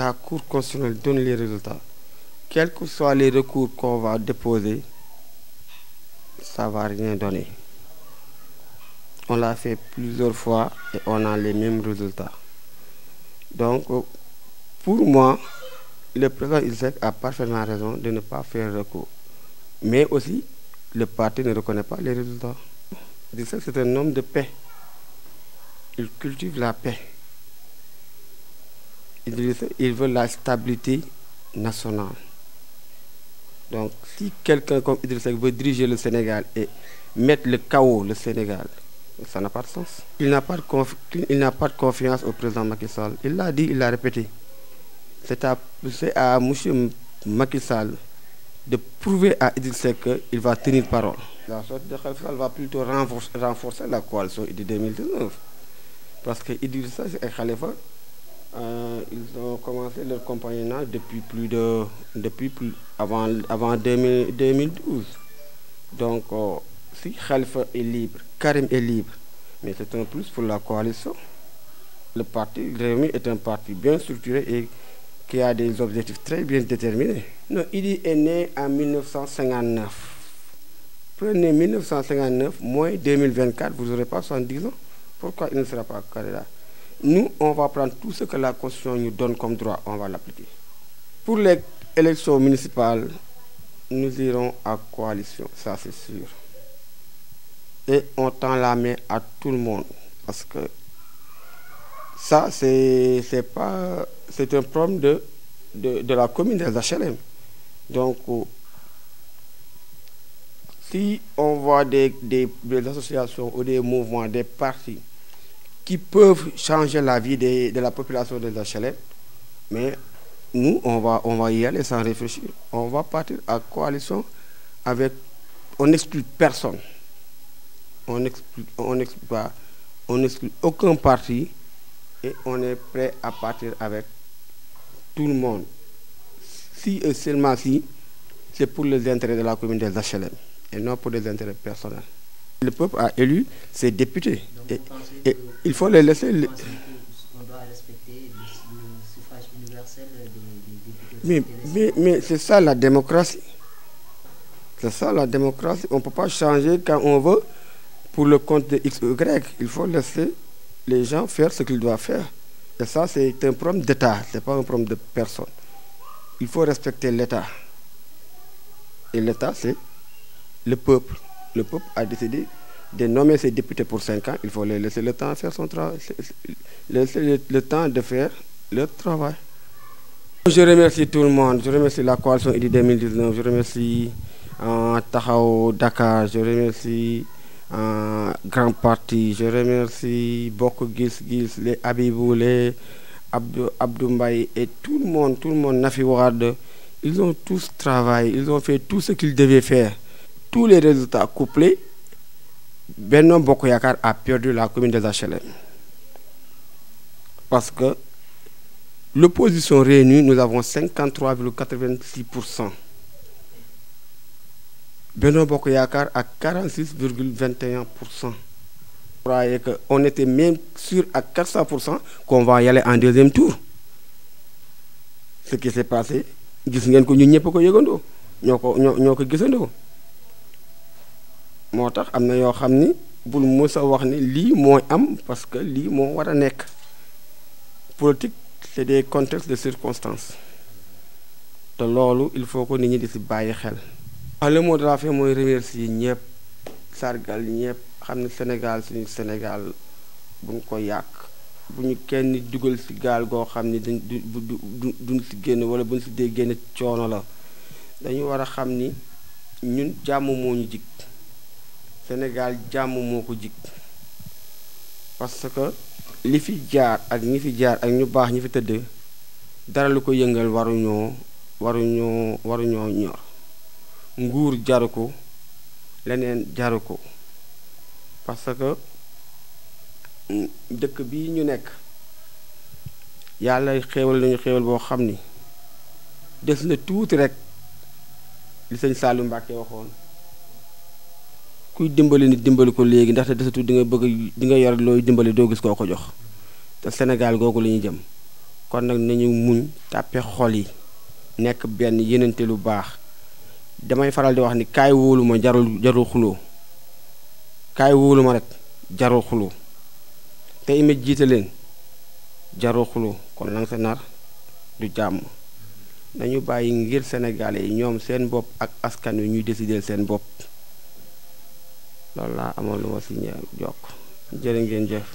la Cour constitutionnelle donne les résultats, quels que soient les recours qu'on va déposer, ça ne va rien donner. On l'a fait plusieurs fois et on a les mêmes résultats. Donc, pour moi, le président Isaac a parfaitement raison de ne pas faire recours. Mais aussi, le parti ne reconnaît pas les résultats. Isaac, c'est un homme de paix. Il cultive la paix. Il veut la stabilité nationale. Donc, si quelqu'un comme Idrissa veut diriger le Sénégal et mettre le chaos le Sénégal, ça n'a pas de sens. Il n'a pas de, confiance au président Macky Sall. Il l'a dit, il l'a répété. C'est à, à M. Macky Sall de prouver à Idrissa qu'il va tenir parole. La sorte de Khalifa va plutôt renforcer, la coalition de 2019. Parce que Idrissa est Khalifa euh, ils ont commencé leur compagnonnage depuis plus de depuis avant avant 2012. Donc euh, si Khalifa est libre, Karim est libre, mais c'est un plus pour la coalition. Le parti Rémi est un parti bien structuré et qui a des objectifs très bien déterminés. Non, il est né en 1959. Prenez 1959 moins 2024, vous n'aurez pas 70 ans. Pourquoi il ne sera pas candidat nous, on va prendre tout ce que la Constitution nous donne comme droit, on va l'appliquer. Pour les élections municipales, nous irons à coalition, ça c'est sûr. Et on tend la main à tout le monde, parce que ça, c'est pas c'est un problème de, de, la commune des HLM. Donc, euh, si on voit des associations ou des mouvements, des partis qui peuvent changer la vie de la population des HLM. Mais nous, on va, y aller sans réfléchir. On va partir à coalition avec... On n'exclut personne. On n'exclut on On aucun parti. Et on est prêt à partir avec tout le monde. Si et seulement si, c'est pour les intérêts de la commune des HLM et non pour les intérêts personnels. Le peuple a élu ses députés. et, il faut les laisser. On doit respecter le, suffrage universel des, députés. Mais, mais, mais c'est ça la démocratie. C'est ça la démocratie. On ne peut pas changer quand on veut pour le compte de X ou Y. Il faut laisser les gens faire ce qu'ils doivent faire. Et ça, c'est un problème d'État, ce n'est pas un problème de personne. Il faut respecter l'État. Et l'État, c'est le peuple le peuple a décidé de nommer ses députés pour 5 ans, il faut les laisser le temps de faire son le, temps de faire leur travail. Je remercie tout le monde, je remercie la coalition ID 2019, je remercie euh, Tahao Dakar, je remercie euh, Grand Parti, je remercie Boko Gis Gis, les Abibou, les et tout le monde, tout le monde, Nafi Ward, ils ont tous travaillé, ils ont fait tout ce qu'ils devaient faire tous les résultats couplés, Benoît Bokoyakar a perdu la commune des HLM. Parce que l'opposition réunie, nous avons 53,86%. Benoît Bokoyakar a 46,21%. On était même sûr à 400% qu'on va y aller en deuxième tour. Ce qui s'est passé, nous avons moo tax am na yoo xam ni bul mës a wax ni lii mooy am parce que lii moo war a nekk politique c'est des contextes de circonstances te loolu il faut que nit ñi di si bàyyi xel. waaw ah, mooy remercier ñëpp sargal ñëpp xam ne Sénégal suñu Sénégal buñ ko yàq bu ñu kenn dugal si gaal goo xam ni dañ du du duñ si génn wala buñ si dee génn coono la dañu war a xam ni ñun jàmm moo ñu jig. senegaal jàmm moo ko jig parce que li fi jaar ak ñi fi jaar ak ñu baax ñi fi tëdd dara lu ko yëngal waruñoo waruñoo waruñoo ñor nguur jaru ko leneen jaru ko parce que dëkk bi ñu nekk yàlla xéewal nañu xéewal boo xam ni des na tuuti rekk li sëñ Saalu Mbàkke waxoon kuy dimbali nit dimbali ko léegi ndaxte desatu di bëgg di nga yor looy dimbali doo gis koo ko jox te Sénégal googu la ñuy jëm kon nag nañu muñ tàppe xol yi nekk benn yenente lu baax damay faral di wax ni kaay wóolu ma jarul jarul xuloo kaay wóolu ma rek jarul xuloo te ima jiite leen jarul xuloo kon lan sa nar du jàmm nañu bàyyi ngir sénégalais yi ñoom seen bopp ak askan wi ñuy décider seen bopp loolu laa amoon lu ma si ñëw jokk jërë ngeen jëf